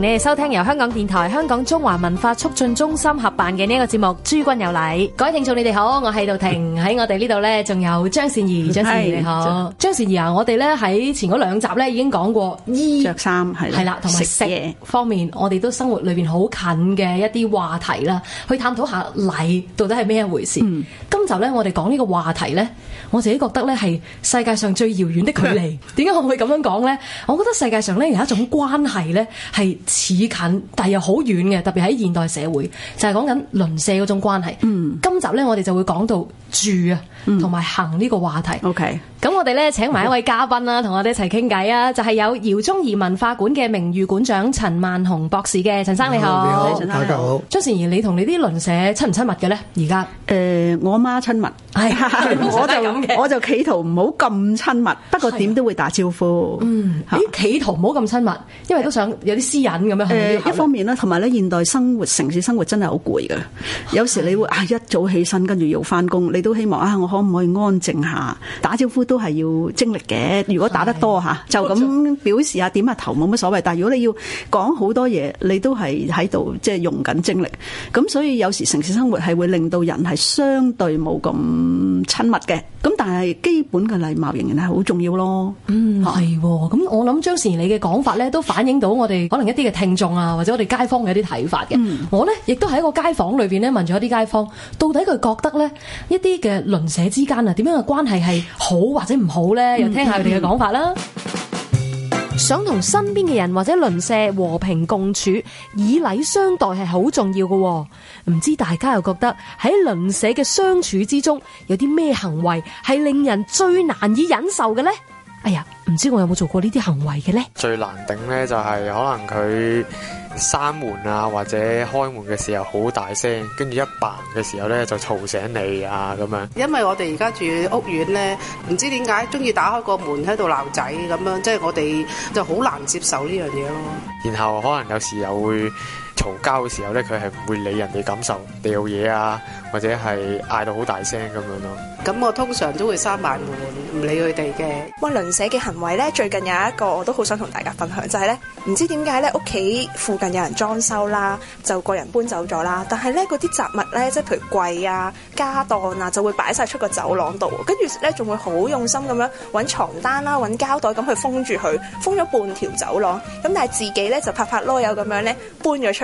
你收聽由香港電台、香港中華文化促進中心合辦嘅呢一個節目《諸君有禮》，各位聽眾你哋好，我係杜婷，喺我哋呢度呢，仲有張善儀，張善儀你好，張 善儀啊，我哋呢，喺前嗰兩集呢已經講過衣着衫係啦，同埋食方面，我哋都生活裏邊好近嘅一啲話題啦，去探討下禮到底係咩一回事。嗯，今集呢，我哋講呢個話題呢。我自己覺得咧，係世界上最遙遠的距離。點解我會咁樣講呢？我覺得世界上咧有一種關係咧，係似近但又好遠嘅，特別喺現代社會，就係講緊鄰舍嗰種關係。嗯，今集咧我哋就會講到住啊。同埋行呢個話題。OK，咁我哋咧請埋一位嘉賓啦，同我哋一齊傾偈啊！就係有饒宗頤文化館嘅名譽館長陳萬雄博士嘅陳生你好，大家好。張倩儀，你同你啲鄰舍親唔親密嘅咧？而家誒，我阿媽親密，我就咁我就企圖唔好咁親密，不過點都會打招呼。嗯，咦，企圖唔好咁親密，因為都想有啲私隱咁樣。誒，一方面呢，同埋咧現代生活、城市生活真係好攰㗎，有時你會啊一早起身，跟住要翻工，你都希望啊我，可唔可以安靜下？打招呼都係要精力嘅。如果打得多吓的，就咁表示下點下頭冇乜所謂，但係如果你要講好多嘢，你都係喺度即係用緊精力。咁所以有時城市生活係會令到人係相對冇咁親密嘅。咁但係基本嘅禮貌仍然係好重要咯。嗯，係，咁我諗張時你嘅講法咧，都反映到我哋可能一啲嘅聽眾啊，或者我哋街坊嘅一啲睇法嘅。嗯、我咧亦都喺一個街坊裏邊咧問咗一啲街坊，到底佢覺得咧一啲嘅鄰舍，之間啊，點樣嘅關係係好或者唔好咧？又聽下佢哋嘅講法啦。 想同身邊嘅人或者鄰舍和平共處，以禮相待係好重要㗎喎。唔知大家又覺得喺鄰舍嘅相處之中，有啲咩行為係令人最難以忍受嘅咧？哎呀，唔知我有冇做過呢啲行為嘅咧？最難頂咧就係可能佢。閂門啊，或者開門嘅時候好大聲，跟住一扮嘅時候咧就嘈醒你啊咁樣。因為我哋而家住屋苑咧，唔知點解中意打開個門喺度鬧仔咁樣，即係我哋就好難接受呢樣嘢咯。然後可能有時又會。嘈交嘅時候咧，佢係唔會理人哋感受，掉嘢啊，或者係嗌到好大聲咁樣咯。咁我通常都會閂埋門，唔理佢哋嘅。哇，鄰舍嘅行為咧，最近有一個我都好想同大家分享，就係咧，唔知點解咧屋企附近有人裝修啦，就個人搬走咗啦，但係咧嗰啲雜物咧，即係譬如櫃啊、家當啊，就會擺晒出個走廊度，跟住咧仲會好用心咁樣揾床單啦、揾膠袋咁去封住佢，封咗半條走廊。咁但係自己咧就拍拍囉柚咁樣咧搬咗出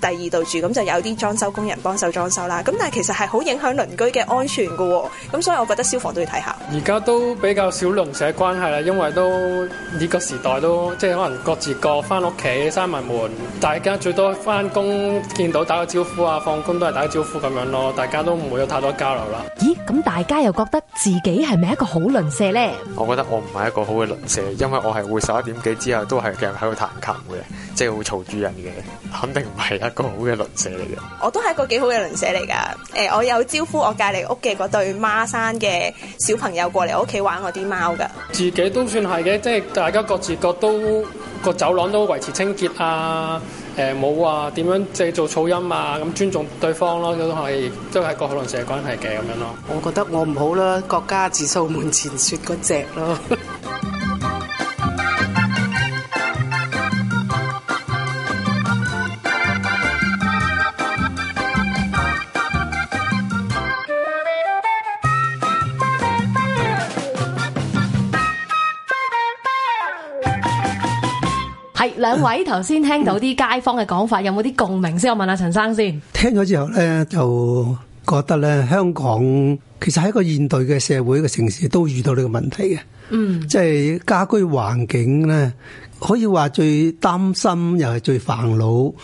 第二度住咁就有啲裝修工人幫手裝修啦，咁但係其實係好影響鄰居嘅安全㗎喎，咁所以我覺得消防都要睇下。而家都比較少鄰舍關係啦，因為都呢個時代都即係可能各自各翻屋企閂埋門，大家最多翻工見到打個招呼啊，放工都係打個招呼咁樣咯，大家都唔會有太多交流啦。咦？咁大家又覺得自己係咪一個好鄰舍咧？我覺得我唔係一個好嘅鄰舍，因為我係會十一點幾之後都係繼續喺度彈琴嘅，即係會嘈住人嘅，肯定唔係一個好嘅鄰舍嚟嘅，我都係一個幾好嘅鄰舍嚟噶。誒，我有招呼我隔籬屋嘅嗰對孖生嘅小朋友過嚟我屋企玩我啲貓噶。自己都算係嘅，即係大家各自各都個走廊都維持清潔啊。誒、呃，冇話，點樣製造噪音啊，咁、嗯、尊重對方咯，都係、就係、各鄰舍嘅關係都係個好鄰舍嘅關係嘅咁樣咯。我覺得我唔好啦，各家自掃門前雪嗰隻咯。 兩位頭先聽到啲街坊嘅講法，嗯、有冇啲共鳴先？我先問下陳生先。聽咗之後咧，就覺得咧，香港其實喺一個現代嘅社會嘅城市，都遇到呢個問題嘅。嗯，即係家居環境咧，可以話最擔心又係最煩惱，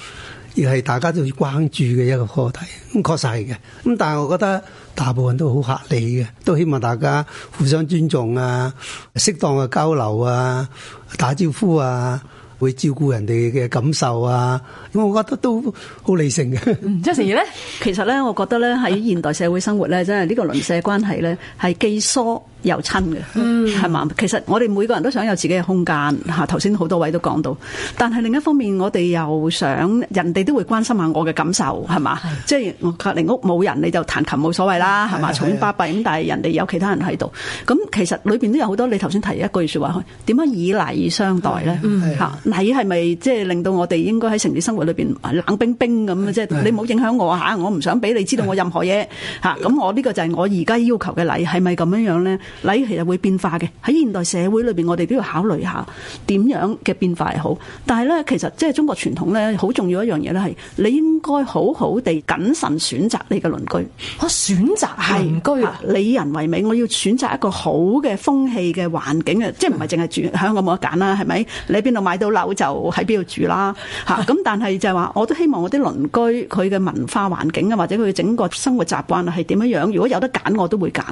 亦係大家最關注嘅一個課題。咁確實係嘅。咁但係我覺得大部分都好合理嘅，都希望大家互相尊重啊，適當嘅交流啊，打招呼啊。會照顧人哋嘅感受啊！我覺得都好理性嘅。嗯，周成儀咧， 其實咧，我覺得咧，喺現代社會生活咧，啊、真係呢個鄰舍關係咧，係既疏，又親嘅，係嘛？其實我哋每個人都想有自己嘅空間吓。頭先好多位都講到，但係另一方面，我哋又想人哋都會關心下我嘅感受，係嘛？即係隔離屋冇人，你就彈琴冇所謂啦，係嘛？重巴閉咁，但係人哋有其他人喺度，咁其實裏面都有好多。你頭先提一句説話，點樣以禮相待咧？嚇禮係咪即係令到我哋應該喺城市生活裏面冷冰冰咁？即係你冇影響我，我唔想俾你知道我任何嘢。咁我呢個就係我而家要求嘅禮係咪咁樣樣咧？你其實會變化嘅，喺現代社會裏邊，我哋都要考慮下點樣嘅變化係好。但係咧，其實即係中國傳統咧，好重要一樣嘢咧係，你應該好好地謹慎選擇你嘅鄰居。我選擇係鄰居啊，里仁為美，我要選擇一個好嘅風氣嘅環境嘅，即係唔係淨係住是 香港冇得揀啦，係咪？你邊度買到樓就喺邊度住啦，嚇咁是、啊。但係就係話，我都希望我啲鄰居佢嘅文化環境啊，或者佢整個生活習慣啊係點樣樣。如果有得揀，我都會揀。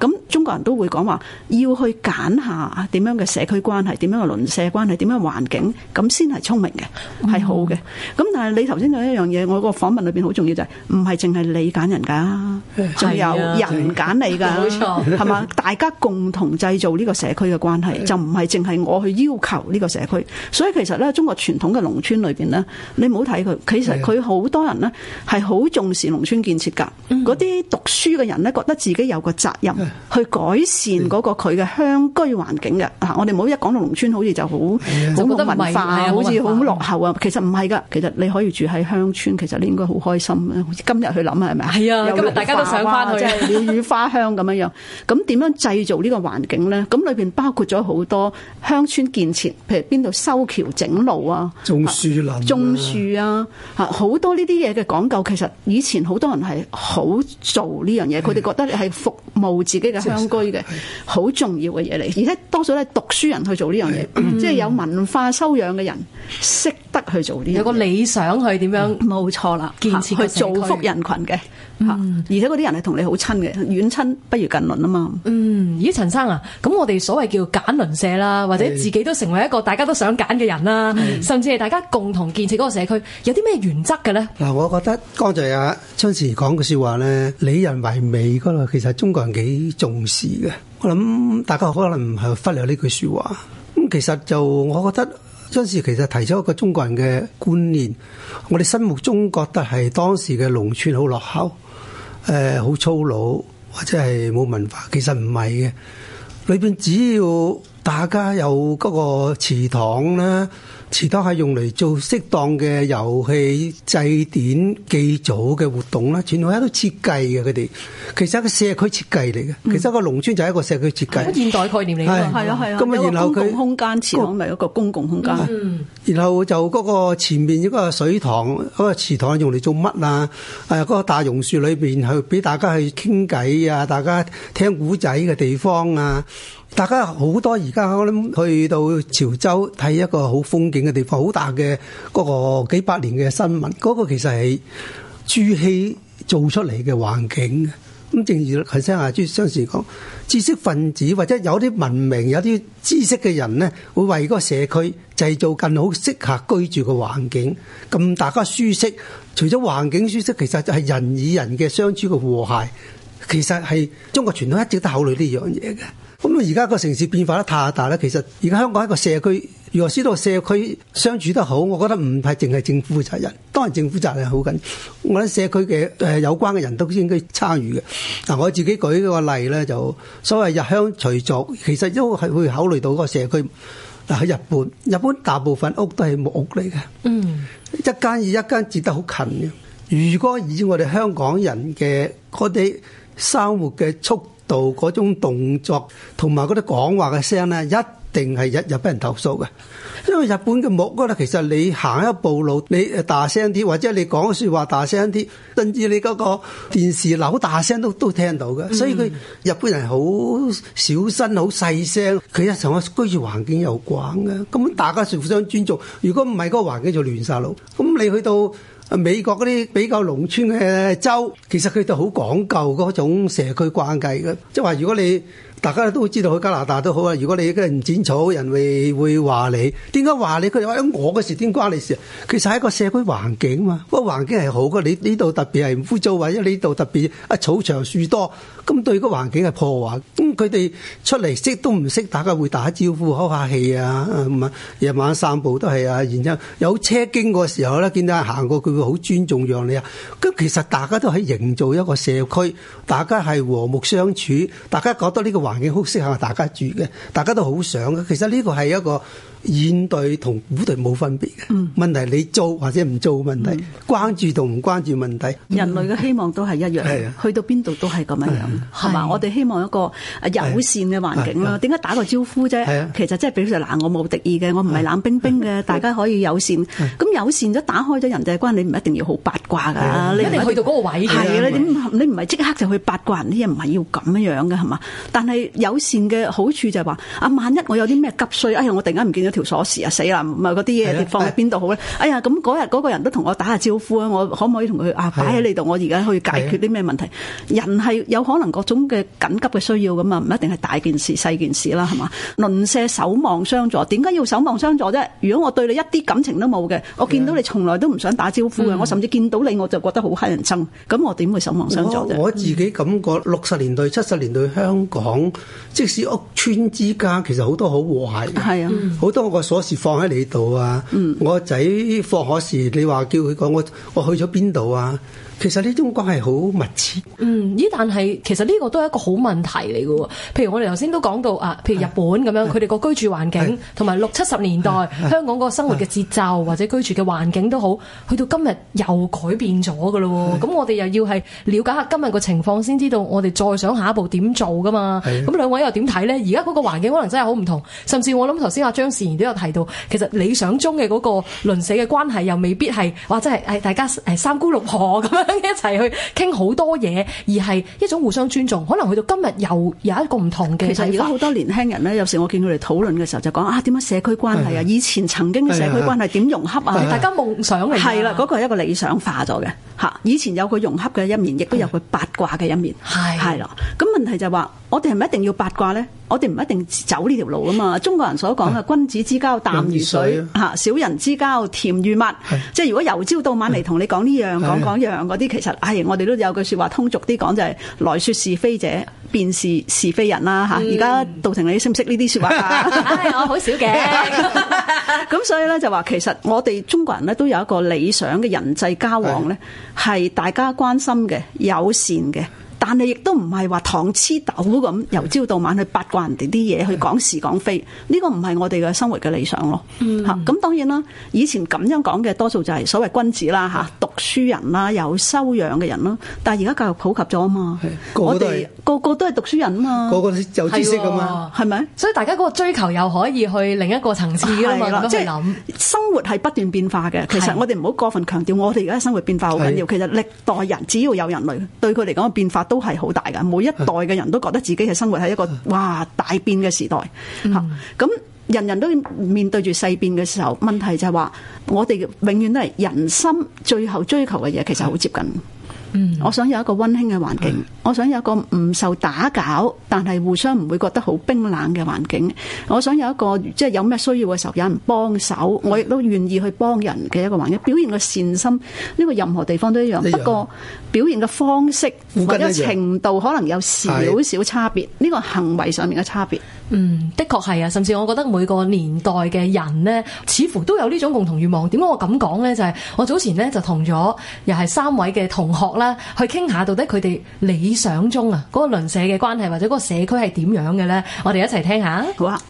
咁中國人都。會講話要去揀下點樣嘅社區關係，點樣嘅鄰舍關係，點樣環境，咁先係聰明嘅，係、嗯、好嘅。咁但係你頭先講一樣嘢，我個訪問裏邊好重要就係唔係淨係你揀人噶，仲有人揀你噶，係嘛？大家共同製造呢個社區嘅關係，就唔係淨係我去要求呢個社區。所以其實咧，中國傳統嘅農村裏邊咧，你唔好睇佢，其實佢好多人咧係好重視農村建設噶。嗰啲、嗯、讀書嘅人咧，覺得自己有個責任去改。善嗰個佢嘅鄉居環境嘅吓，我哋唔好一講到農村好，好似就好冇得文化，啊、好似好、啊、落後啊！其實唔係噶，其實你可以住喺鄉村，其實你應該好開心啊！今日去諗啊，係咪係啊！今日大家都想翻去，鳥語、就是、 花香咁樣樣，咁點樣製造個呢個環境咧？咁裏邊包括咗好多鄉村建設，譬如邊度修橋整路啊，啊，啊，種樹啦種樹啊，吓、啊、好多呢啲嘢嘅講究。其實以前好多人係好做呢樣嘢，佢哋、啊、覺得係服務自己嘅鄉居。好重要嘅嘢嚟，而且多數咧讀書人去做呢樣嘢，嗯、即係有文化修養嘅人，識得去做呢樣嘢。有個理想去點樣？冇錯啦，建設去造福人群嘅，嚇、嗯！而且嗰啲人係同你好親嘅，遠親不如近鄰啊嘛。嗯，咦，陳生啊，咁我哋所謂叫做揀鄰舍啦，或者自己都成為一個大家都想揀嘅人啦，的甚至係大家共同建設嗰個社區，有啲咩原則嘅咧？嗱，我覺得剛才阿、啊、春時講嘅説話咧，里仁為美嗰個，其實中國人幾重視的。我諗大家可能唔係忽略呢句說話，咁其實就我覺得，當時其實提出一個中國人嘅觀念，我哋心目中覺得係當時嘅農村好落後，誒，好粗魯或者係冇文化，其實唔係嘅，裏邊只要大家有嗰個祠堂啦。祠堂係用嚟做適當嘅遊戲、祭典、祭祖嘅活動啦，全部喺度設計嘅佢哋。其實係一個社區設計嚟嘅，嗯、其實個農村就係一個社區設計。嗯、現代概念嚟嘅，係啊係啊。咁啊，然後佢祠堂咪一個公共空間。然後就嗰個前面一個水塘，嗰、嗰個祠堂用嚟做乜啊？誒，嗰個大榕樹裏邊去俾大家去傾偈啊，大家聽古仔嘅地方啊。大家好多，而家我諗去到潮州睇一個好風景嘅地方，好大嘅嗰個幾百年嘅新聞嗰、嗰個其實係朱熹做出嚟嘅環境。咁正如頭先啊朱相時講，知識分子或者有啲文明、有啲知識嘅人咧，會為嗰個社區製造更好適合居住嘅環境，咁大家舒適除咗環境舒適其實就係人與人嘅相處嘅和諧。其實係中國傳統一直都考慮呢樣嘢嘅。咁而家個城市變化得太大啦。其實而家香港一個社區，如何知道社區相處得好？我覺得唔係淨係政府責任，當然政府責任好緊。我覺得社區嘅誒有關嘅人都應該參與嘅。嗱，我自己舉個例咧，就所謂入鄉隨俗，其實都係會考慮到個社區。嗱，喺日本，日本大部分屋都係木屋嚟嘅。嗯，一間以一間接得好近嘅。如果以我哋香港人嘅，我哋生活嘅速度嗰種動作，同埋嗰啲講話嘅聲咧，一定係日日俾人投訴嘅。因為日本嘅木屋咧，其實你行一步路，你誒大聲啲，或者你講嘅說話大聲啲，甚至你嗰個電視樓大聲都都聽到嘅。所以佢日本人好小心，好細聲。佢一成個居住環境又廣嘅，咁大家要互相尊重。如果唔係嗰個環境就亂曬路。咁你去到。美國嗰啲比較農村嘅州，其實佢都好講究嗰種社區關係嘅，即係話如果你大家都知道去加拿大都好啊，如果你一個人唔剪草，人會會話你點解話你？佢哋話我嘅事點關你事啊？其實係一個社區環境啊嘛，個環境係好嘅，你呢度特別係唔污糟，或者呢度特別啊草長樹多。咁對個環境係破壞，咁佢哋出嚟識都唔識，大家會打招呼、唞下氣啊，夜晚散步都係啊，然之後有車經過時候咧，見到人行過佢會好尊重讓你啊。咁其實大家都喺營造一個社區，大家係和睦相處，大家覺得呢個環境好適合大家住嘅，大家都好想嘅。其實呢個係一個。現代同古代冇分別嘅，問題你做或者唔做問題，關注同唔關注問題。人類嘅希望都係一樣，去到邊度都係咁樣樣，係嘛？我哋希望一個友善嘅環境啦。點解打個招呼啫？其實真係表示嗱，我冇敵意嘅，我唔係冷冰冰嘅，大家可以友善。咁友善咗，打開咗人際關係，你唔一定要好八卦㗎。你一定去到嗰個位，係你唔係即刻就去八卦人，啲嘢唔係要咁樣樣嘅，係嘛？但係友善嘅好處就係話，啊，萬一我有啲咩急需，哎呀，我突然間唔見到。條鎖匙啊，死啦，唔係嗰啲嘢，放喺邊度好咧？哎呀，咁嗰日嗰個人都同我打下招呼啊！我可唔可以同佢啊？擺喺你度，啊、我而家去解決啲咩問題？啊、人係有可能各種嘅緊急嘅需要咁啊，唔一定係大件事，細件事啦，係嘛？鄰舍守望相助，點解要守望相助啫？如果我對你一啲感情都冇嘅，我見到你從來都唔想打招呼嘅，啊、我甚至見到你我就覺得好乞人憎，咁我點會守望相助啫？我自己感覺六十年代、七十年代香港，即使屋邨之間，其實好多好和諧係啊，嗯當我個鎖匙放喺你度啊，嗯、我仔放學時，你話叫佢講我我去咗邊度啊？其實呢種關係好密切，嗯，咦？但係其實呢個都係一個好問題嚟嘅喎。譬如我哋頭先都講到啊，譬如日本咁樣，佢哋個居住環境同埋六七十年代的香港個生活嘅節奏的或者居住嘅環境都好，去到今日又改變咗㗎咯喎。咁的我哋又要係了解一下今日個情況先知道，我哋再想下一步點做㗎嘛。咁的兩位又點睇呢？而家嗰個環境可能真係好唔同，甚至我諗頭先阿張善賢都有提到，其實理想中嘅嗰個鄰舍嘅關係又未必係話真係、哎、大家、哎、三姑六婆咁樣。 一齊去傾好多嘢，而係一種互相尊重。可能去到今日又有一個唔同嘅。其實而家好多年輕人咧，有時我見佢哋討論嘅時候就講啊，點樣社區關係啊？的以前曾經嘅社區關係點融洽啊？大家夢想嚟。係啦的，嗰的、嗰個係一個理想化咗嘅嚇。以前有佢融洽嘅一面，亦都有佢八卦嘅一面。係係啦，咁的的問題就係話、係。我哋唔一定要八卦呢，我哋唔一定走呢條路啊嘛。中國人所講嘅君子之交淡如水，嚇，啊、小人之交甜如蜜。是即係如果由朝到晚嚟同你講呢樣講講是樣嗰啲，其實係、哎、我哋都有句説話，通俗啲講就係、是、來説是非者，便是是非人啦嚇。而家杜婷，你識唔識呢啲説話啊？哎我好少嘅。咁 所以呢，就話，其實我哋中國人呢，都有一個理想嘅人際交往呢係是大家關心嘅、友善嘅。但係亦都唔係話糖黐豆咁，由朝到晚去八卦人哋啲嘢，是的 去講是講非，呢個唔係我哋嘅生活嘅理想咯。吓，咁當然啦，以前咁樣講嘅，多數就係所謂君子啦，吓，讀書人啦，有修養嘅人啦。但係而家教育普及咗啊嘛，的我哋們個個都係讀書人啊嘛，個個有知識咁嘛，係咪的？嗎所以大家嗰個追求又可以去另一個層次啦的即係諗生活係不斷變化嘅。其實我哋唔好過分強調我哋而家生活變化好緊要。的其實歷代人只要有人類，對佢嚟講嘅變化都，都係好大噶，每一代嘅人都覺得自己係生活喺一個哇大變嘅時代吓，咁、嗯、人人都面對住世變嘅時候，問題就係話我哋永遠都係人心最後追求嘅嘢，其實好接近。嗯，我想有一個溫馨嘅環境，的境，我想有一個唔受打攪，但係互相唔會覺得好冰冷嘅環境。我想有一個即係有咩需要嘅時候有人幫手，的我亦都願意去幫人嘅一個環境，表現嘅善心。呢、這個任何地方都一樣，的不過表現嘅方式或者程度可能有少少差別。呢的個行為上面嘅差別，嗯，的確係啊。甚至我覺得每個年代嘅人咧，似乎都有呢種共同願望。點解我咁講咧？就係、是、我早前咧就同咗又係三位嘅同學啦。去傾下，到底佢哋理想中啊嗰個鄰舍嘅關係，或者嗰個社區係點樣嘅咧？我哋一齊聽下。好啊。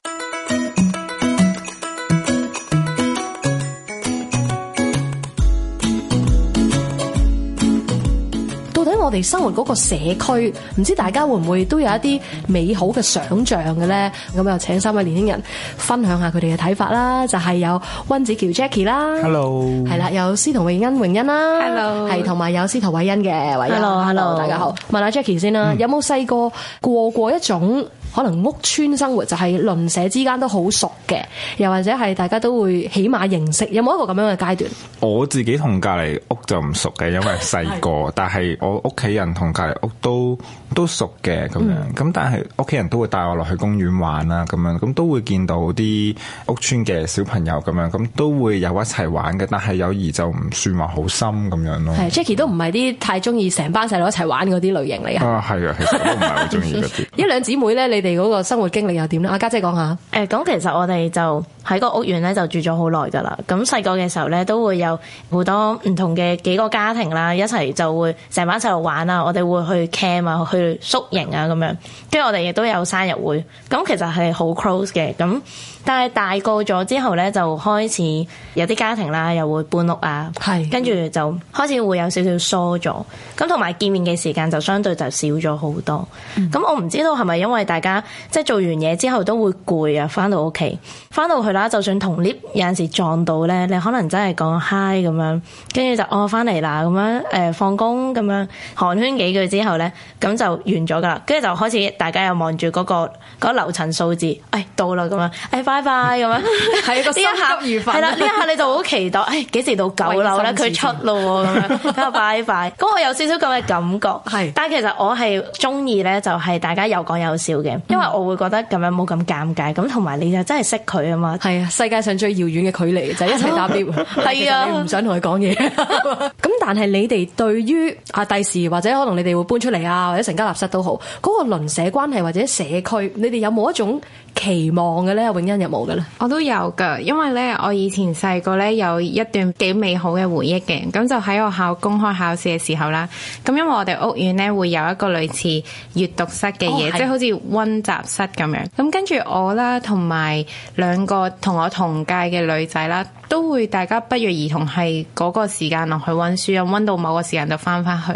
我哋生活嗰個社區，唔知大家會唔會都有一啲美好嘅想像嘅咧？咁又請三位年輕人分享下佢哋嘅睇法啦，就係、是、有温子橋 Jacky 啦，Hello，係啦，有司徒榮恩、榮恩啦，Hello，係同埋有司徒偉恩嘅、哎、Hello，Hello，大家好。問下 Jacky 先啦，嗯、有冇細個過過一種？可能屋村生活就係鄰舍之間都好熟嘅，又或者係大家都會起碼認識。有冇一個咁樣嘅階段？我自己同隔離屋就唔熟嘅，因為細個。 的但係我屋企人同隔離屋都都熟嘅咁樣。咁、嗯、但係屋企人都會帶我落去公園玩啦，咁樣咁都會見到啲屋村嘅小朋友咁樣，咁都會有一齊玩嘅。但係友誼就唔算話好深咁樣咯。Jacky 都唔係啲太中意成班細路一齊玩嗰啲類型嚟嘅。啊，係啊，其實都唔係好中意啲。 一兩姊妹咧，你哋嗰個生活經歷又點咧？阿家姐講下。誒，咁其實我哋就喺個屋苑咧就住咗好耐㗎啦。咁細個嘅時候咧，都會有好多唔同嘅幾個家庭啦，一齊就會成晚一齊度玩啊。我哋會去 camp 啊，去宿營啊咁樣，跟住我哋亦都有生日會。咁其實係好 close 嘅。咁但係大個咗之後咧，就開始有啲家庭啦，又會搬屋啊。係。跟住就開始會有少少疏咗。咁同埋見面嘅時間就相對就少咗好多。咁我唔知道係咪因為大家。即係做完嘢之後都會攰啊，翻到屋企，翻到去啦，就算同 lift 有陣時撞到咧，你可能真係講嗨咁樣，跟住就哦翻嚟啦咁樣，誒放工咁樣寒暄幾句之後咧，咁就完咗噶啦，跟住就開始大家又望住嗰個嗰樓層數字，誒、哎、到啦咁樣，誒拜拜咁樣，係 個心急愉快啦，係啦呢一刻你就好期待，誒、哎、幾時到九樓咧佢出咯咁樣，咁啊拜拜咁我有少少咁嘅感覺，係是，但係其實我係中意咧就係、是、大家有講有笑嘅。因為我會覺得咁樣冇咁尷尬，咁同埋你就真係識佢啊嘛。係啊，世界上最遙遠嘅距離，吧就係一起打碟，係啊， 你唔想同佢講嘢。 但係你哋對於啊，第時或者可能你哋會搬出嚟啊，或者成家立室都好，嗰個鄰舍關係或者社區，你哋有冇一種期望嘅咧？永欣就冇嘅啦。我都有噶，因為咧我以前細個咧有一段幾美好嘅回憶嘅，咁就喺我考公開考試嘅時候啦。咁因為我哋屋苑咧會有一個類似閱讀室嘅嘢，哦、是即係好似溫習室咁樣。咁跟住我啦，同埋兩個同我同屆嘅女仔啦，都會大家不約而同係嗰個時間落去溫書。又溫到某個時間就返返去，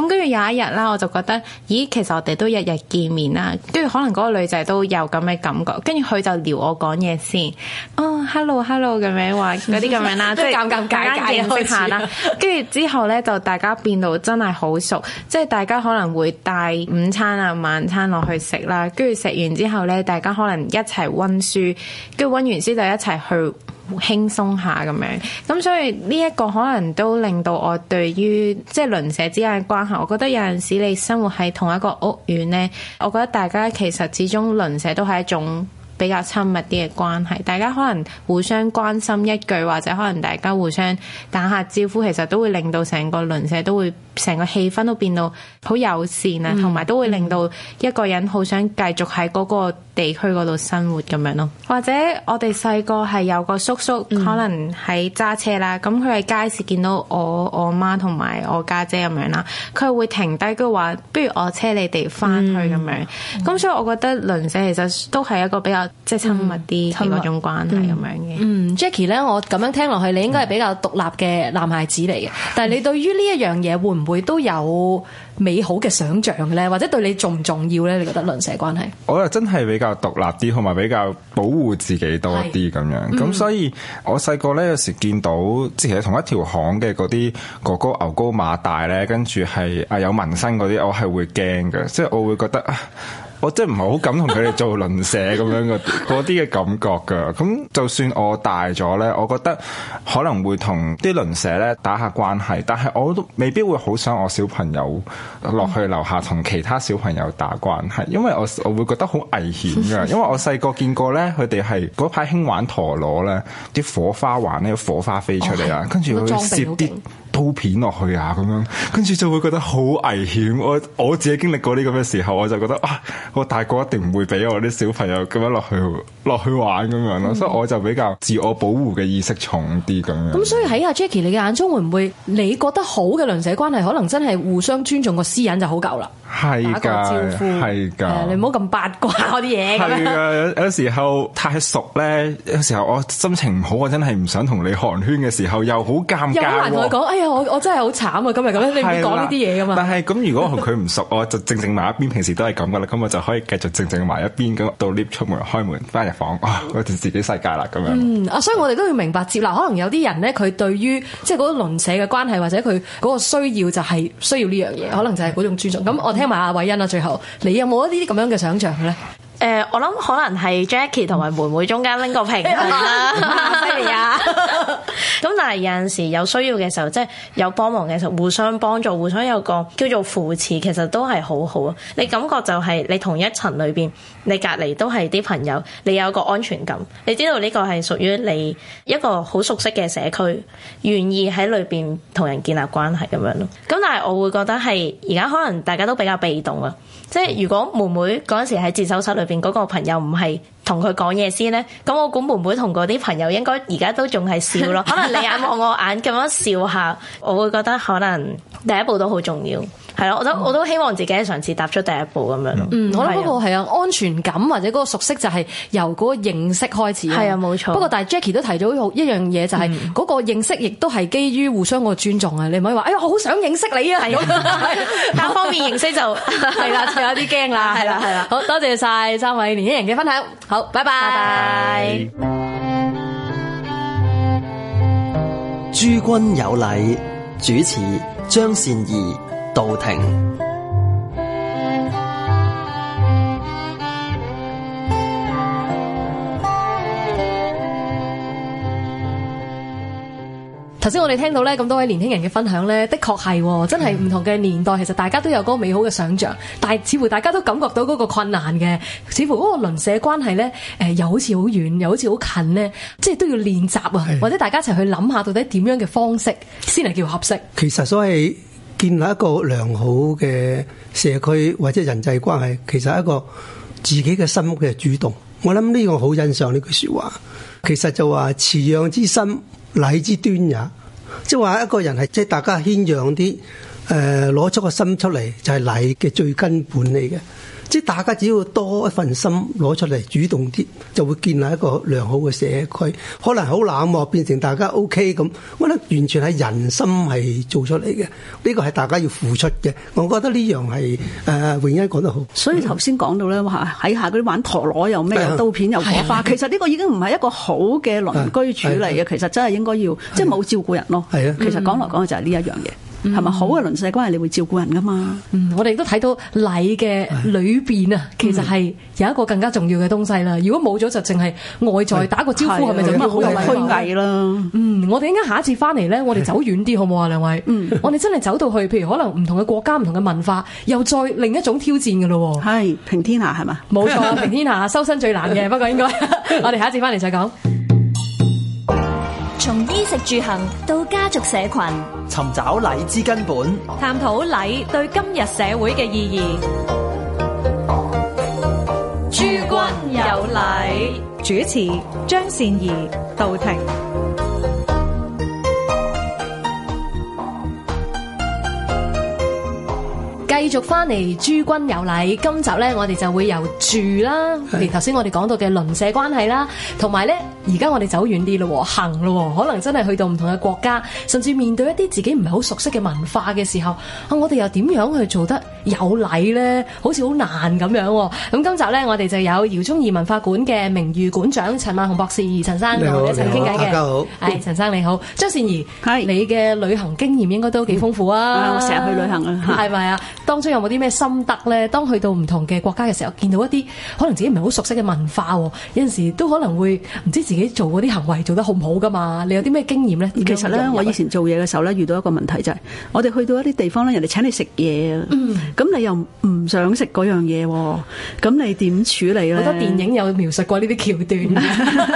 咁跟住有一日啦，我就覺得，咦，其實我哋都日日見面啦，跟住可能嗰個女仔都有咁嘅感覺，跟住佢就撩我講嘢先，哦，hello hello 咁樣話，嗰啲咁樣啦，即係咁咁解解認識下啦，跟住 之後咧就大家變到真係好熟，即係 大家可能會帶午餐啊、晚餐落去食啦，跟住食完之後咧，大家可能一齊溫書，跟住溫完書就一齊去。輕鬆下咁樣，咁所以呢一個可能都令到我對於即係、就是、鄰舍之間嘅關係，我覺得有陣時你生活喺同一個屋苑呢，我覺得大家其實始終鄰舍都係一種，比較親密啲嘅關係，大家可能互相關心一句，或者可能大家互相打下招呼，其實都會令到成個鄰舍都會成個氣氛都變到好友善啊，同埋，嗯、都會令到一個人好想繼續喺嗰個地區嗰度生活咁樣咯。嗯、或者我哋細個係有個叔叔，嗯、可能喺揸車啦，咁佢喺街市見到我我媽同埋我家姐咁樣啦，佢會停低，佢話不如我車你哋翻去咁樣，咁、嗯嗯、所以我覺得鄰舍其實都係一個比較。即係親密啲嘅嗰種關係咁樣嘅。嗯，Jackie 咧，我咁樣聽落去，你應該係比較獨立嘅男孩子嚟嘅。嗯、但係你對於呢一樣嘢，會唔會都有美好嘅想象咧？ 或者對你重唔重要咧？你覺得鄰舍關係？我又真係比較獨立啲，同埋比較保護自己多啲咁是樣。咁、嗯、所以我細個咧，有時見到即係同一條巷嘅嗰啲哥哥牛高馬大咧，跟住係啊有紋身嗰啲，我係會驚嘅。即係我會覺得。我真係唔係好敢同佢哋做鄰舍咁樣嗰啲嘅感覺噶，咁就算我大咗呢，我覺得可能會同啲鄰舍呢打下關係，但係我都未必會好想我小朋友落去樓下同其他小朋友打關係，嗯，因為我我會覺得好危險噶，因為我細個見過呢，佢哋係嗰排興玩陀螺呢，啲火花環呢，火花飛出嚟啊，哦、跟住會攝啲。刀片落去啊，咁樣，跟住就會覺得好危險。我我自己經歷過呢咁嘅時候，我就覺得啊，我大個一定唔會俾我啲小朋友咁樣落去落去玩咁樣咯。嗯、所以我就比較自我保護嘅意識重啲咁樣。咁所以喺阿 Jackie 你嘅眼中，會唔會你覺得好嘅鄰舍關係，可能真係互相尊重個私隱就好夠啦？係㗎，打個招呼，係㗎，係㗎，係㗎，你唔好咁八卦嗰啲嘢。係啊，有時候太熟咧，有時候我心情唔好，我真係唔想同你寒暄嘅時候，又好尷尬。我我真係好慘啊！今日咁樣、啊、你講呢啲嘢噶嘛？但係咁，如果同佢唔熟，我就靜靜埋一邊。 平時都係咁噶啦，咁我就可以繼續靜靜埋一邊咁，到 lift 出門、開門、翻入房，啊，我就自己世界啦咁樣。嗯啊，所以我哋都要明白接納，可能有啲人咧，佢對於即係嗰個鄰舍嘅關係，或者佢嗰個需要就係需要呢樣嘢，可能就係嗰種尊重。咁、嗯、我聽埋阿偉欣啊，最後你有冇一啲啲咁樣嘅想像呢？咧？誒、呃，我諗可能係 Jackie 同埋妹妹中間拎個平衡啦，係 啊。咁、啊啊啊、 但係有陣時有需要嘅時候，即、就、係、是、有幫忙嘅時候，互相幫助，互相有個叫做扶持，其實都係好好啊。你感覺就係你同一層裏面，你隔離都係啲朋友，你有個安全感，你知道呢個係屬於你一個好熟悉嘅社區，願意喺裏面同人建立關係咁樣咯。咁但係我會覺得係而家可能大家都比較被動啊。即係如果妹妹嗰陣時喺自修室裏面嗰個朋友唔係同佢講嘢先呢，咁我估妹妹同嗰啲朋友應該而家都仲係笑咯。 可能你眼望我眼咁樣笑下，我會覺得可能第一步都好重要。係咯、啊，我都我都希望自己喺上次踏出第一步咁樣咯。嗯、啊、我諗嗰個係啊安全感或者嗰個熟悉就係由嗰個認識開始。係啊，冇錯。不過但係 Jackie 都提到一樣嘢，就係、是、嗰個認識亦都係基於互相個尊重啊。嗯、你唔可以話哎呀，我好想認識你啊。係啊，哪 好方面認識就係啦， 就有啲驚啦，係啦， 係啦。好多謝晒三位年輕人嘅分享。好，拜拜。諸君有禮，主持張善儀。道停。頭先我哋聽到咧，咁多位年輕人嘅分享咧，的確係真係唔同嘅年代，嗯、其實大家都有嗰個美好嘅想象，但係似乎大家都感覺到嗰個困難嘅，似乎嗰個鄰舍關係咧，誒、呃，又好似好遠，又好似好近呢，即係都要練習啊，嗯、或者大家一齊去諗下到底點樣嘅方式先係叫合適。其實所以建立一個良好嘅社區或者人際關係，其實係一個自己嘅心嘅主動。我諗呢個好欣賞呢句嘅説話，其實就話辭讓之心禮之端也，即係話一個人係即係大家謙讓啲誒攞出個心出嚟，就係禮嘅最根本嚟嘅。即係大家只要多一份心攞出嚟主動啲，就會建立一個良好嘅社區。可能好冷漠，變成大家 O K 咁。我覺得完全係人心係做出嚟嘅，呢、這個係大家要付出嘅。我覺得呢樣係誒永欣講得好。所以頭先講到咧，喺下嗰啲玩陀螺又咩又刀片又火花，啊啊、其實呢個已經唔係一個好嘅鄰居處嚟嘅。啊啊、其實真係應該要是、啊、即係冇照顧人咯。係啊，其實講來講去就係呢一樣嘢。係咪好嘅鄰舍，關係你會照顧人噶嘛？嗯，我哋都睇到禮嘅裏邊啊，其實係有一個更加重要嘅東西啦。如果冇咗就淨係外在打個招呼，係咪就咁樣，好有虛偽啦？推，嗯，我哋應該下一次翻嚟咧，我哋走遠啲的好唔好啊？兩位，嗯，我哋真係走到去，譬如可能唔同嘅國家、唔同嘅文化，又再另一種挑戰噶咯。係平天下係嘛？冇錯，平天下，錯，平天下修身最難嘅，的不過應該的 我哋下一次翻嚟再講。從衣食住行到家族社群，尋找禮之根本，探討禮對今日社會嘅意義。諸君有禮。主持張善儀到庭。繼續翻嚟，諸君有禮。今集咧，我哋就會由住啦，譬如頭先我哋講到嘅鄰舍關係啦，同埋咧，而家我哋走遠啲咯，行咯，可能真係去到唔同嘅國家，甚至面對一啲自己唔係好熟悉嘅文化嘅時候啊，我哋又點樣去做得？有禮咧，好似好難咁樣喎、哦。咁今集咧，我哋就有饒宗頤文化館嘅名譽館長陳萬雄博士，陳生同好我哋一齊傾偈嘅。大、啊、家好，誒、哎，陳生你好，張善儀，係是你嘅旅行經驗應該都幾豐富啊。我成日去旅行啊，係咪啊？當中有冇啲咩心得咧？當去到唔同嘅國家嘅時候，見到一啲可能自己唔係好熟悉嘅文化，有陣時都可能會唔知自己做嗰啲行為做得好唔好噶嘛？你有啲咩經驗咧？其實咧，我以前做嘢嘅時候咧，遇到一個問題就係、是、我哋去到一啲地方咧，人哋請你食嘢。嗯咁你又唔想食嗰樣嘢，咁你點處理啊？好多電影有描述過呢啲橋段。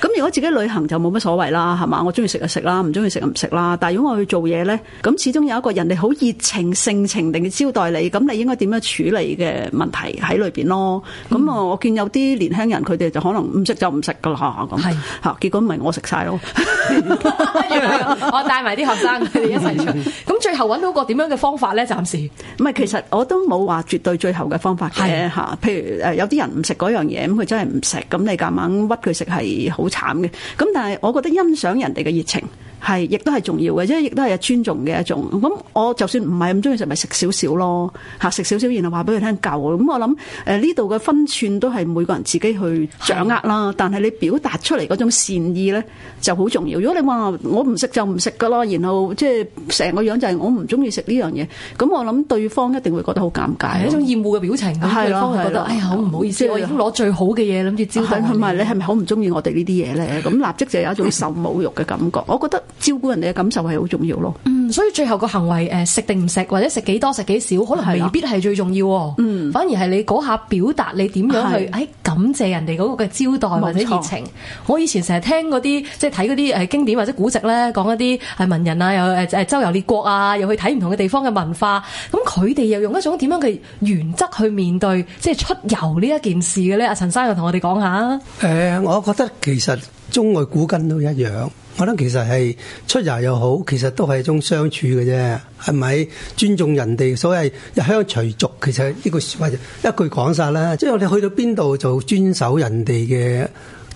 咁 如果自己旅行就冇乜所謂啦，係嘛？我中意食就食啦，唔中意食就唔食啦。但係如果我去做嘢咧，咁始終有一個人哋好熱情、盛情，定要招待你，咁你應該點樣處理嘅問題喺裏邊咯？咁啊、嗯，我見有啲年輕人佢哋就可能唔食就唔食噶啦，咁吓，是 結果咪我食晒咯。 我帶埋啲學生佢哋一齊食。咁 最後揾到個點樣嘅方法咧？暫時唔係，其實。我都冇話絕對最後嘅方法嘅吓。是的 譬如誒有啲人唔食嗰樣嘢，咁佢真係唔食，咁你夾硬屈佢食係好慘嘅。咁但係我覺得欣賞人哋嘅熱情。係，亦都係重要嘅，即係亦都係尊重嘅一種。咁我就算唔係咁中意食，咪食少少咯嚇，食少少，然後話俾佢聽夠。咁我諗誒呢度嘅分寸都係每個人自己去掌握啦。的但係你表達出嚟嗰種善意咧，就好重要。如果你話我唔食就唔食噶咯，然後即係成個樣就係我唔中意食呢樣嘢。咁我諗對方一定會覺得好尷尬，一種厭惡嘅表情。係咯係咯，會覺得哎呀好唔好意思，即我已經攞最好嘅嘢諗住招待佢的。唔的你係咪好唔中意我哋呢啲嘢咧？咁立即就有一種受侮辱嘅感覺。 我覺得。照顧人哋嘅感受係好重要咯，嗯，所以最後個行為，誒，食定唔食或者食幾多食幾少，可能未的必係最重要，嗯，反而係你嗰下表達你點樣去，誒，感謝人哋嗰個嘅招待或者熱情。錯我以前成日聽嗰啲，即係睇嗰啲誒經典或者古籍咧，講一啲係文人啊，又誒誒周遊列國啊，又去睇唔同嘅地方嘅文化，咁佢哋又用一種點樣嘅原則去面對，即係出遊呢一件事嘅咧？阿陳生又同我哋講下，誒、呃，我覺得其實中外古今都一樣。我諗其實係出遊又好，其實都係一種相處嘅啫，係咪尊重人哋所謂入鄉隨俗？其實呢句說話一句講晒啦，即係我哋去到邊度就遵守人哋嘅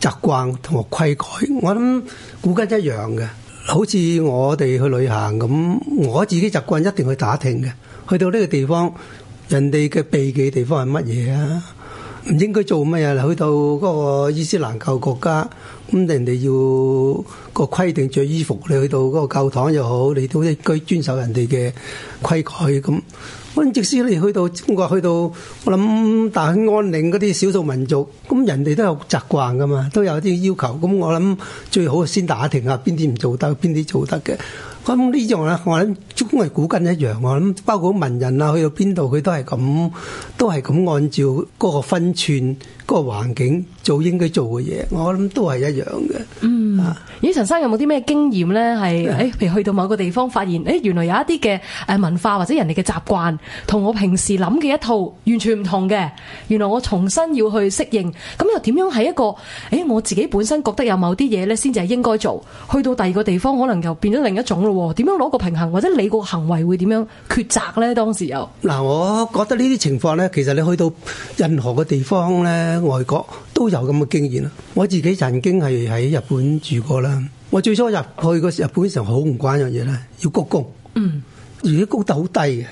習慣同埋規矩。我諗古今一樣嘅，好似我哋去旅行咁，我自己習慣一定去打聽嘅，去到呢個地方，人哋嘅避忌地方係乜嘢啊？唔應該做乜嘢？去到嗰個伊斯蘭教國家，咁人哋要個規定着衣服。你去到嗰個教堂又好，你都應該遵守人哋嘅規矩。咁，即使你去到中國，去到我諗大興安嶺嗰啲少數民族，咁人哋都有習慣噶嘛，都有啲要求。咁我諗最好先打聽下邊啲唔做得，邊啲做得嘅。咁呢樣咧，我諗中係古今一樣，我諗包括文人啊，去到邊度佢都係咁，都係咁按照嗰個分寸。個環境做應該做嘅嘢，我諗都係一樣嘅。嗯，咦，陳生有冇啲咩經驗呢？係誒，譬如去到某個地方，發現誒、哎，原來有一啲嘅誒文化或者人哋嘅習慣，同我平時諗嘅一套完全唔同嘅。原來我重新要去適應，咁又點樣喺一個誒、哎、我自己本身覺得有某啲嘢呢，先至係應該做。去到第二個地方，可能又變咗另一種咯。點樣攞個平衡，或者你個行為會點樣抉擇呢？當時又嗱，我覺得呢啲情況呢，其實你去到任何嘅地方呢。嗯外國都有咁嘅經驗啦，我自己曾經係喺日本住過啦。我最初入去個日本成好唔慣樣嘢咧，要鞠躬。嗯，如果鞠得好低嘅，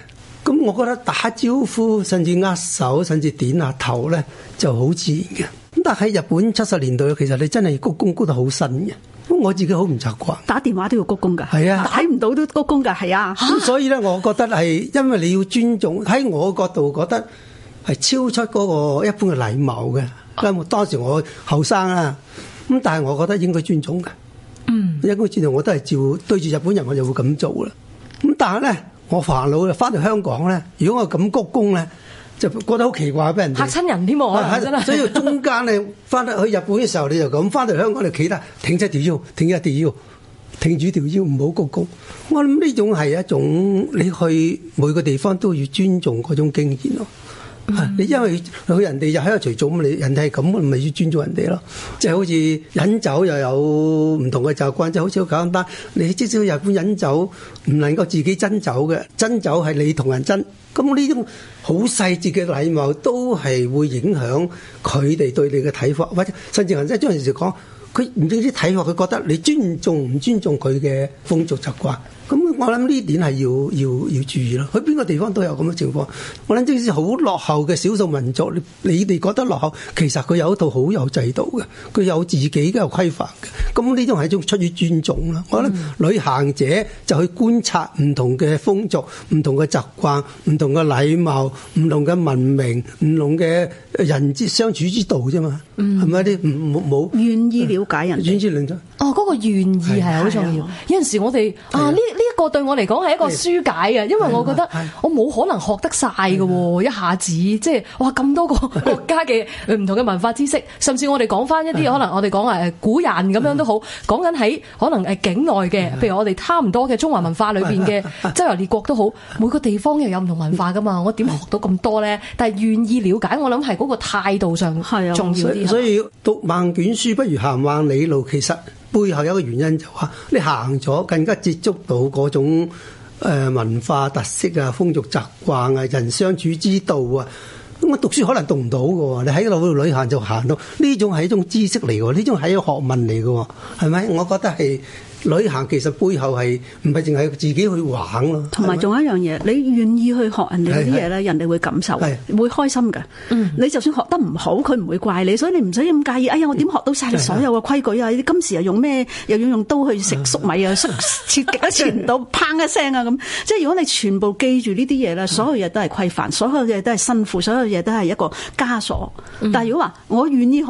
咁我覺得打招呼，甚至握手，甚至點下頭咧，就好自然嘅。咁但喺日本七十年代，其實你真係鞠躬鞠得好新嘅。我自己好唔習慣，打電話都要鞠躬噶，係啊，打唔到都鞠躬噶，係啊。啊所以咧，我覺得係因為你要尊重，喺我角度覺得。係超出嗰個一般嘅禮貌嘅，咁我、啊、當時我後生啊，咁但係我覺得應該尊重嘅，嗯，應該尊重，我都係照對住日本人我就會咁做啦。咁但係咧，我煩惱就翻到香港咧，如果我咁鞠躬咧，就覺得好奇怪，俾人嚇親人添喎，的是 所以中間你翻到去日本嘅時候你就咁，翻到香港就企得挺直條腰，挺直條腰，挺住條腰唔好鞠躬。我諗呢種係一種你去每個地方都要尊重嗰種經驗咯。你、 嗯、因為佢人哋又喺度隨做你人哋係咁，咪要尊重人哋咯？即、就、係、是、好似飲酒又有唔同嘅習慣，即、就、係、是、好似好簡單。你至少日本飲酒唔能夠自己斟酒嘅，斟酒係你同人斟。咁呢種好細節嘅禮貌都係會影響佢哋對你嘅睇法，或者甚至人甚至張人士講，佢唔止啲睇法，佢覺得你尊重唔尊重佢嘅風俗習慣。我諗呢點係要要要注意咯，去邊個地方都有咁嘅情況。我諗即使好落後嘅少數民族，你哋覺得落後，其實佢有一套好有制度嘅，佢有自己嘅規範嘅。咁呢種係一種出於尊重啦。我諗旅行者就去觀察唔同嘅風俗、嗯、唔同嘅習慣、唔同嘅禮貌、唔同嘅文明、唔同嘅人之相處之道啫嘛。嗯，係咪啲冇冇願意了解人？嗯哦，嗰個願意係好重要。有陣時我哋啊呢呢一個對我嚟講係一個紓解啊，因為我覺得我冇可能學得晒喎。一下子即係哇咁多個國家嘅唔同嘅文化知識，甚至我哋講翻一啲可能我哋講誒古人咁樣都好，講緊喺可能誒境內嘅，譬如我哋差唔多嘅中華文化裏邊嘅周遊列國都好，每個地方又有唔同文化噶嘛，我點學到咁多呢？但係願意了解，我諗係嗰個態度上係重要啲。所以讀萬卷書不如行萬里路，其實。背後有一個原因就話，你行咗更加接觸到嗰種誒、呃、文化特色啊、風俗習慣啊、人相處之道啊，我讀書可能讀唔到嘅喎，你喺度旅行就行到，呢種係一種知識嚟喎，呢種係一個學問嚟嘅喎，係咪？我覺得係。旅行其實背後係唔係淨係自己去玩咯？同埋仲有一樣嘢，你願意去學人哋啲嘢咧，人哋會感受，會開心㗎。嗯，你就算學得唔好，佢唔會怪你，所以你唔使咁介意。哎呀，我點學到晒你所有嘅規矩啊？你今時又用咩？又要用刀去食粟米啊？削切極都切唔到，砰一聲啊咁！即係如果你全部記住呢啲嘢咧，所有嘢都係規範，所有嘢都係辛苦，所有嘢都係一個枷鎖。但係如果話我願意學。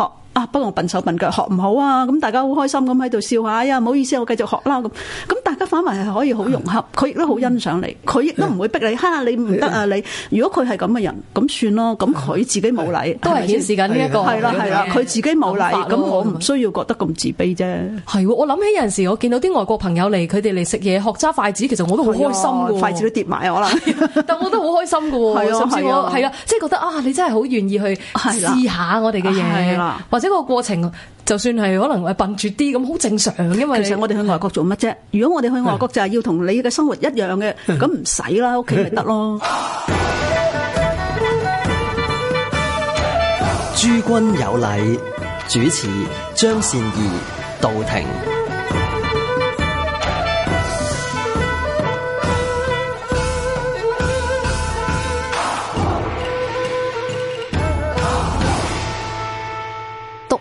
不過我笨手笨腳，學唔好啊，咁大家好開心咁喺度笑下，哎呀，唔好意思，我繼續學啦，咁。咁大家反而係可以好融洽，佢亦都好欣賞你，佢亦都唔會逼你。哈，你唔得啊你？如果佢係咁嘅人，咁算咯。咁佢自己冇禮，都係顯示緊呢一個，係啦係啦。佢自己冇禮，咁我唔需要覺得咁自卑啫。係我諗起有陣時，我見到啲外國朋友嚟，佢哋嚟食嘢，學揸筷子，其實我都好開心噶，筷子都跌埋可能，但我都好開心噶，甚至我係啊，即係覺得啊，你真係好願意去試下我哋嘅嘢，或者個過程就算係可能係笨住啲咁，好正常。因為其實我哋去外國做乜啫？如果我哋去外國就係要同你嘅生活一樣嘅，咁唔使啦，屋企咪得咯。諸的君有禮，主持張善儀到庭。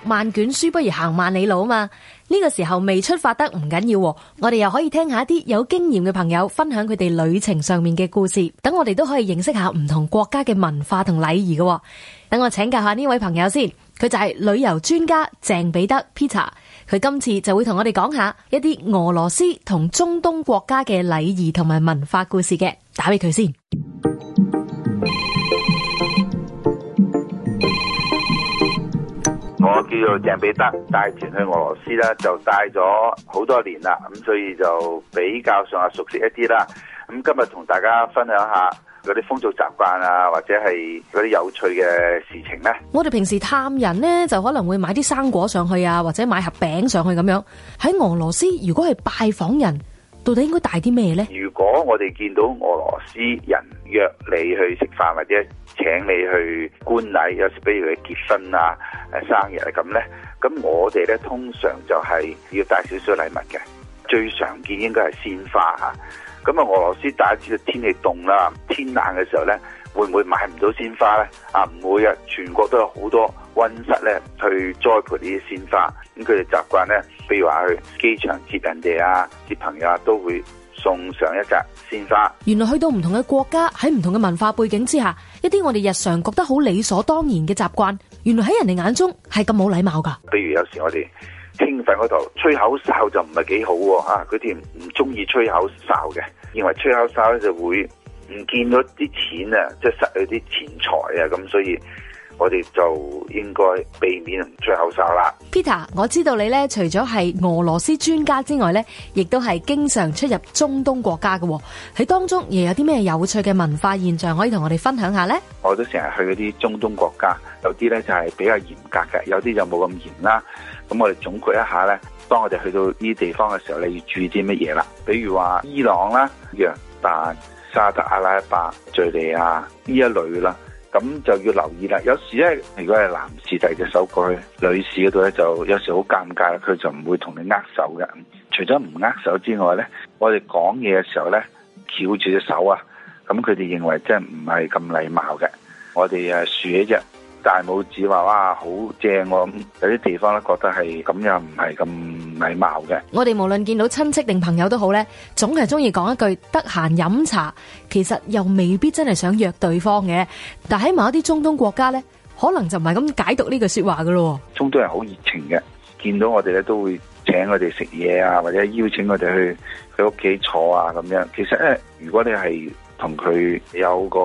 萬卷書不如行萬里路嘛。呢個時候未出發得唔緊要，我哋又可以聽下一啲有經驗嘅朋友分享佢哋旅程上面嘅故事，等我哋都可以認識下唔同國家嘅文化同禮儀嘅。等我請教下呢位朋友先，佢就係旅遊專家鄭彼得 Peter，佢今次就會同我哋講下一啲俄羅斯同中東國家嘅禮儀同埋文化故事嘅。打俾佢先。我叫做鄭彼得，帶團去俄羅斯啦，就帶咗好多年啦，咁所以就比較上下熟悉一啲啦。咁今日同大家分享下嗰啲風俗習慣啊，或者係嗰啲有趣嘅事情呢。我哋平時探人呢，就可能會買啲生果上去啊，或者買盒餅上去咁樣。喺俄羅斯，如果係拜訪人，到底應該帶啲咩呢？如果我哋見到俄羅斯人約你去食飯或者，請你去觀禮，有時比如佢結婚啊、生日啊咁咧，咁我哋咧通常就係要帶少少禮物嘅，最常見應該係鮮花啊。咁啊，俄羅斯大家知道天氣凍啦、啊，天冷嘅時候咧，會唔會買唔到鮮花咧？啊，唔會啊，全國都有好多溫室咧，去栽培呢啲鮮花。咁佢哋習慣咧，譬如話去機場接人哋啊、接朋友啊，都會。送上一紮鮮花。原來去到唔同嘅國家，喺唔同嘅文化背景之下，一啲我哋日常覺得好理所當然嘅習慣，原來喺人哋眼中係咁冇禮貌㗎。譬如有時我哋聽訓嗰度吹口哨就唔係幾好喎，啊，佢哋唔中意吹口哨嘅，認為吹口哨咧就會唔見到啲錢啊，即係失去啲錢財啊，咁所以。我哋就應該避免唔吹口哨啦。Peter，我知道你咧，除咗係俄羅斯專家之外咧，亦都係經常出入中東國家嘅，哦。喺當中又有啲咩有趣嘅文化現象可以同我哋分享下咧？我都成日去嗰啲中東國家，有啲咧就係、是、比較嚴格嘅，有啲就冇咁嚴啦。咁我哋總括一下咧，當我哋去到呢啲地方嘅時候，你要注意啲乜嘢啦？比如話伊朗啦、約旦、沙特阿拉伯、敘利亞呢一類啦。咁就要留意啦。有時咧，如果係男士遞隻手過去，女士嗰度咧就有時好尷尬啦，佢就唔會同你握手嘅。除咗唔握手之外咧，我哋講嘢嘅時候咧，翹住隻手啊，咁佢哋認為真係唔係咁禮貌嘅。我哋啊，豎起大拇指話：哇，好正！我諗有啲地方咧，覺得係咁樣唔係咁禮貌嘅。我哋無論見到親戚定朋友都好咧，總係中意講一句得閒飲茶。其實又未必真係想約對方嘅。但喺某一啲中東國家咧，可能就唔係咁解讀呢句說話㗎咯。中東人好熱情嘅，見到我哋咧都會請我哋食嘢啊，或者邀請我哋去佢屋企坐啊咁樣。其實咧，如果你係，同佢有個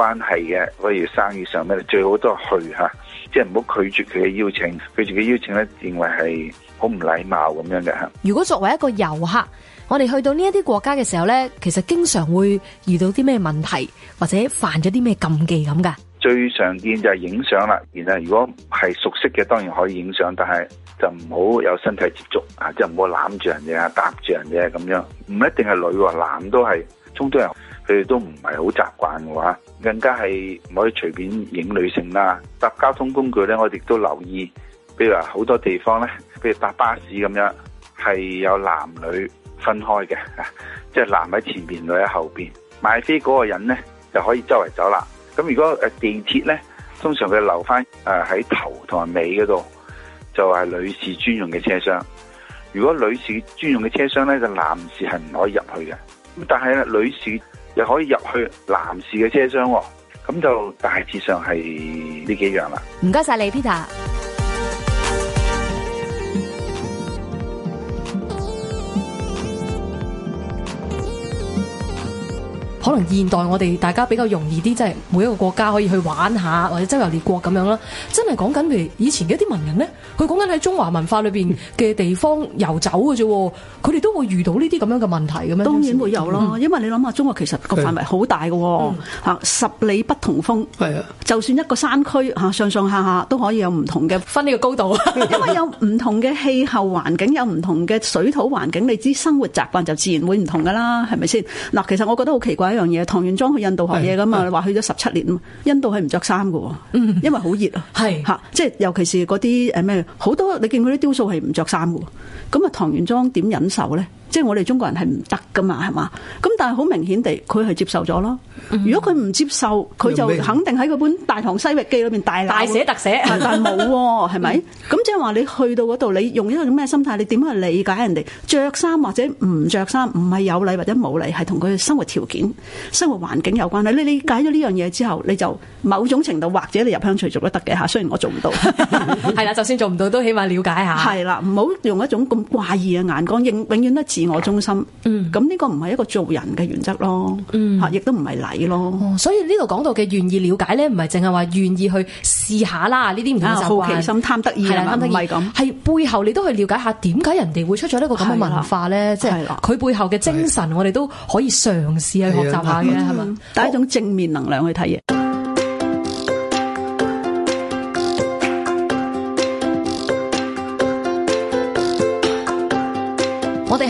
關係嘅，例如生意上咩，最好都去吓，即係唔好拒絕佢嘅邀請，拒絕佢嘅邀請咧，認為係好唔禮貌咁樣嘅吓。如果作為一個遊客，我哋去到呢一啲國家嘅時候咧，其實經常會遇到啲咩問題或者犯咗啲咩禁忌咁噶？最常見就係影相啦。然後如果係熟悉嘅，當然可以影相，但係就唔好有身體接觸啊，即係唔好攬住人哋啊，搭住人哋咁樣，唔一定係女喎，男都係中東人。佢哋都唔係好習慣嘅話，更加係唔可以隨便影女性啦。搭交通工具呢，我哋都留意，譬如話好多地方呢，譬如搭巴士咁樣，係有男女分開嘅，即係男喺前面，女喺後面。買飛嗰個人呢，就可以周圍走啦。咁如果誒地鐵呢，通常佢留翻誒喺頭同埋尾嗰度，就係女士專用嘅車廂。如果女士專用嘅車廂呢，就男士係唔可以入去嘅。咁但係咧，女士，就可以入去男士嘅車廂，咁就大致上係呢幾樣啦。唔該晒你，Peter。可能現代我哋大家比較容易啲，即係每一個國家可以去玩下或者周遊列國咁樣啦。真係講緊譬如以前嘅一啲文人呢，佢講緊喺中華文化裏面嘅地方遊走嘅啫，佢哋都會遇到呢啲咁樣嘅問題咁樣。當然會有啦，嗯、因為你諗下，中國其實個範圍好大嘅喎，的十里不同風，嗯、就算一個山區上上下下都可以有唔同嘅分呢個高度，的因為有唔同嘅氣候環境， 有唔同嘅水土環境，你知生活習慣就自然會唔同㗎啦，係咪先嗱？其實我覺得好奇怪。樣嘢，唐玄宗去印度學嘢噶嘛？你話去咗十七年啊，印度係唔着衫噶，因為好熱啊，係吓 是，即係尤其是嗰啲誒咩，好多你見佢啲雕塑係唔着衫噶，咁啊，唐玄宗點忍受咧？即係我哋中國人係唔得噶嘛，係嘛？咁但係好明顯地，佢係接受咗咯。如果佢唔接受，佢、嗯、就肯定喺嗰本《大唐西域記》裡面裏邊大寫特寫。但係冇喎，係咪？咁即係話你去到嗰度，你用一種咩心態？你點去理解人哋着衫或者唔着衫？唔係有禮或者冇禮，係同佢嘅生活條件、生活環境有關啦。你理解咗呢樣嘢之後，你就某種程度或者你入鄉隨俗都得嘅嚇。雖然我做唔到，係啦， 就算做唔到都起碼了解一下。係啦，唔好用一種咁怪異嘅眼光，永永遠都。自我中心，咁呢個唔係一個做人嘅原則咯，吓，亦都唔係禮咯。所以呢度講到嘅願意了解咧，唔係淨係話願意去試下啦。呢啲唔同嘅習慣，好奇心貪得意係咪？唔係咁，係是背後你都去了解下，點解人哋會出咗呢個咁嘅文化咧？的即係佢背後嘅精神，我哋都可以嘗試去學習下嘅，係嘛？帶一種正面能量去睇嘢。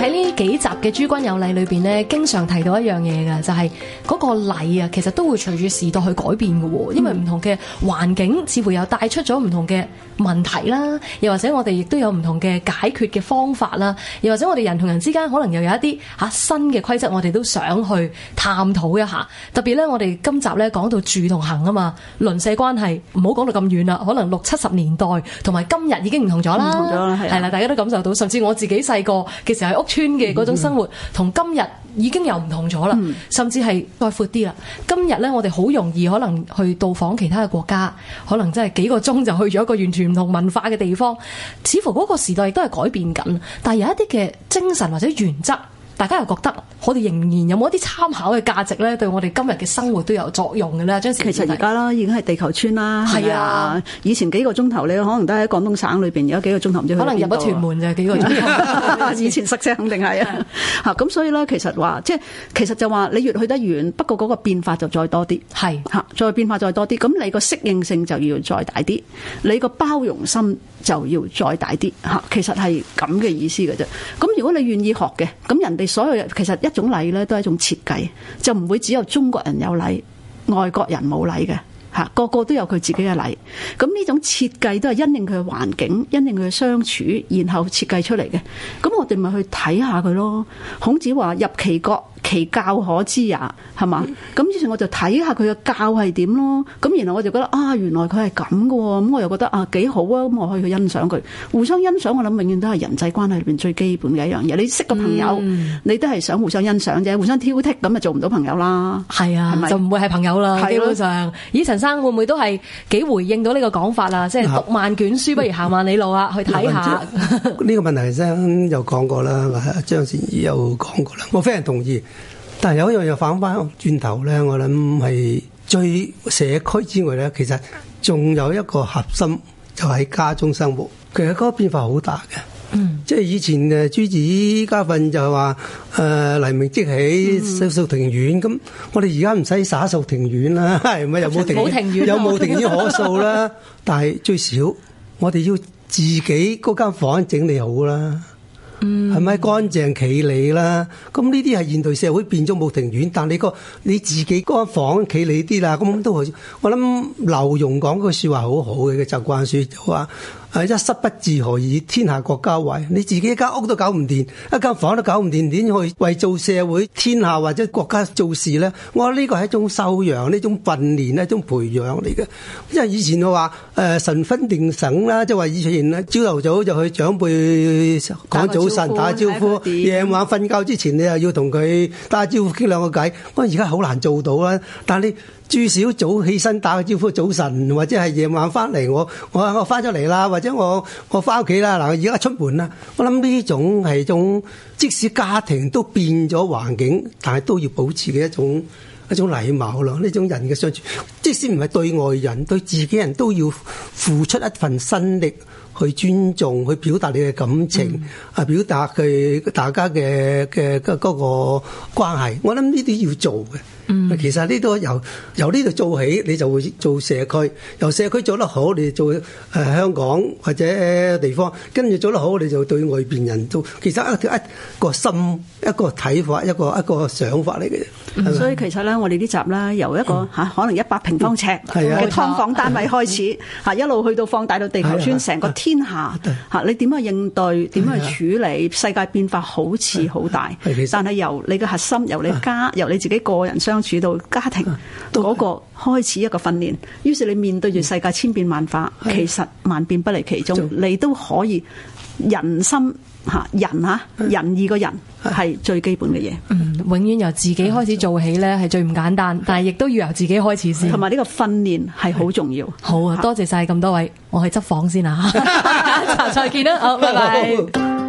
喺呢幾集嘅諸君有禮裏面呢，經常提到一樣嘢嘅，就係、是、嗰個禮啊。其實都會隨住時代去改變嘅喎，因為唔同嘅環境，似乎又帶出咗唔同嘅問題啦。又或者我哋亦都有唔同嘅解決嘅方法啦。又或者我哋人同人之間，可能又有一啲新嘅規則，我哋都想去探討一下。特別呢，我哋今集呢講到住同行啊嘛，鄰舍關係，唔好講到咁遠啦。可能六七十年代同埋今日已經唔同咗啦，係啦，大家都感受到。甚至我自己細個嘅時候喺屋圈嘅嗰種生活，同今日已經又唔同咗啦，嗯、哼甚至係再闊啲啦。今日呢，我哋好容易可能去到訪其他嘅國家，可能真係幾個鐘就去咗一個完全唔同文化嘅地方，似乎嗰個時代亦都係改變緊，但係有一啲嘅精神或者原則。大家又覺得我哋仍然有冇一啲參考嘅價值咧？對我哋今日嘅生活都有作用嘅咧。其實而家啦，已經係地球村啦。係啊，以前幾個鐘頭你可能都喺廣東省裏面，有幾個鐘頭唔知去可能入咗屯門就幾個鐘頭。 以前塞車肯定係 啊。咁所以咧，其實話即係其實就話你越去得遠，不過嗰個變化就再多啲。係是、啊、再變化再多啲，咁你個適應性就要再大啲，你個包容心就要再大啲、啊。其實係咁嘅意思嘅啫。咁如果你願意學嘅，咁人哋。所有其實一種禮咧，都係一種設計，就唔會只有中國人有禮，外國人冇禮嘅。個個都有佢自己嘅禮，咁呢種設計都係因應佢嘅環境，因應佢嘅相處，然後設計出嚟嘅。咁我哋咪去睇下佢咯。孔子話：入其國，其教可知也，係嘛？咁、嗯、於是我就睇下佢嘅教係點咯。咁然後我就覺得啊，原來佢係咁嘅，咁我又覺得啊幾好啊，咁我可以去欣賞佢。互相欣賞，我諗永遠都係人際關係裏邊最基本嘅一樣嘢。你識個朋友，嗯、你都係想互相欣賞啫，互相挑剔咁啊，就做唔到朋友啦。係啊，係咪就唔會係朋友啦。係啊、基本上，會唔會都係幾回應到個呢個講法啊？即係讀萬卷書不如行萬里路啊！啊去睇下呢個問題，生又講過啦，張善儀又講過啦，我非常同意。但係有一樣嘢，反翻轉頭咧，我諗係最社區之外咧，其實仲有一個核心就喺、是、家中生活。其實嗰個變化好大嘅。嗯，即係以前誒，朱子家訓就係話誒，黎明即起，灑掃庭院。咁、嗯、我哋而家唔使灑掃庭院啦，係咪有冇庭院，有冇庭院可掃啦？ 但係最少，我哋要自己嗰間房整理好啦。嗯，係咪乾淨企理啦？咁呢啲係現代社會變咗冇庭院，但你個你自己嗰間房企理啲啦，咁都好，我諗劉墉講個說話好好嘅，佢習慣說話。係一失不治，何以天下國家為？你自己間屋都搞唔掂，一間房都搞唔掂，點去為做社會、天下或者國家做事咧？我呢個係一種修養、呢種訓練、呢種培養嚟嘅。因為以前我話誒，晨昏定省啦，即係話以前啊朝頭早就去長輩講，講早晨打招呼，夜晚瞓覺之前你又要同佢打招呼傾兩個偈。我而家好難做到啦，但你。至少早起身打個招呼，早晨或者係夜晚翻嚟，我我我翻咗嚟啦，或者我我翻屋企啦。嗱，而家出門啦，我諗呢種係種，即使家庭都變咗環境，但係都要保持嘅一種一種禮貌咯。呢種人嘅相處，即使唔係對外人，對自己人都要付出一份心力去尊重，去表達你嘅感情，啊、嗯，表達佢大家嘅嘅嗰個關係。我諗呢啲要做嘅。嗯，其實呢度由由呢度做起，你就會做社區，由社區做得好，你做誒、呃、香港或者地方，跟住做得好，你就對外邊人做。其實一個一個心。一個睇法，一個一個想法嚟嘅。所以其實咧，我哋呢集啦，由一個吓可能一百平方尺嘅劏房單位開始，吓一路去到放大到地球村，成個天下吓，你點樣應對？點樣去處理？世界變化好似好大，但係由你嘅核心，由你家，由你自己個人相處到家庭嗰個開始一個訓練。於是你面對住世界千變萬化，其實萬變不離其中，你都可以人心。吓，人吓仁義個人係最基本嘅嘢，嗯，永遠由自己開始做起咧係最唔簡單，但係亦都要由自己開始先，同埋呢個訓練係好重要。好啊，多謝晒咁多位，我去執房先啦吓，再 見啦，好，拜拜。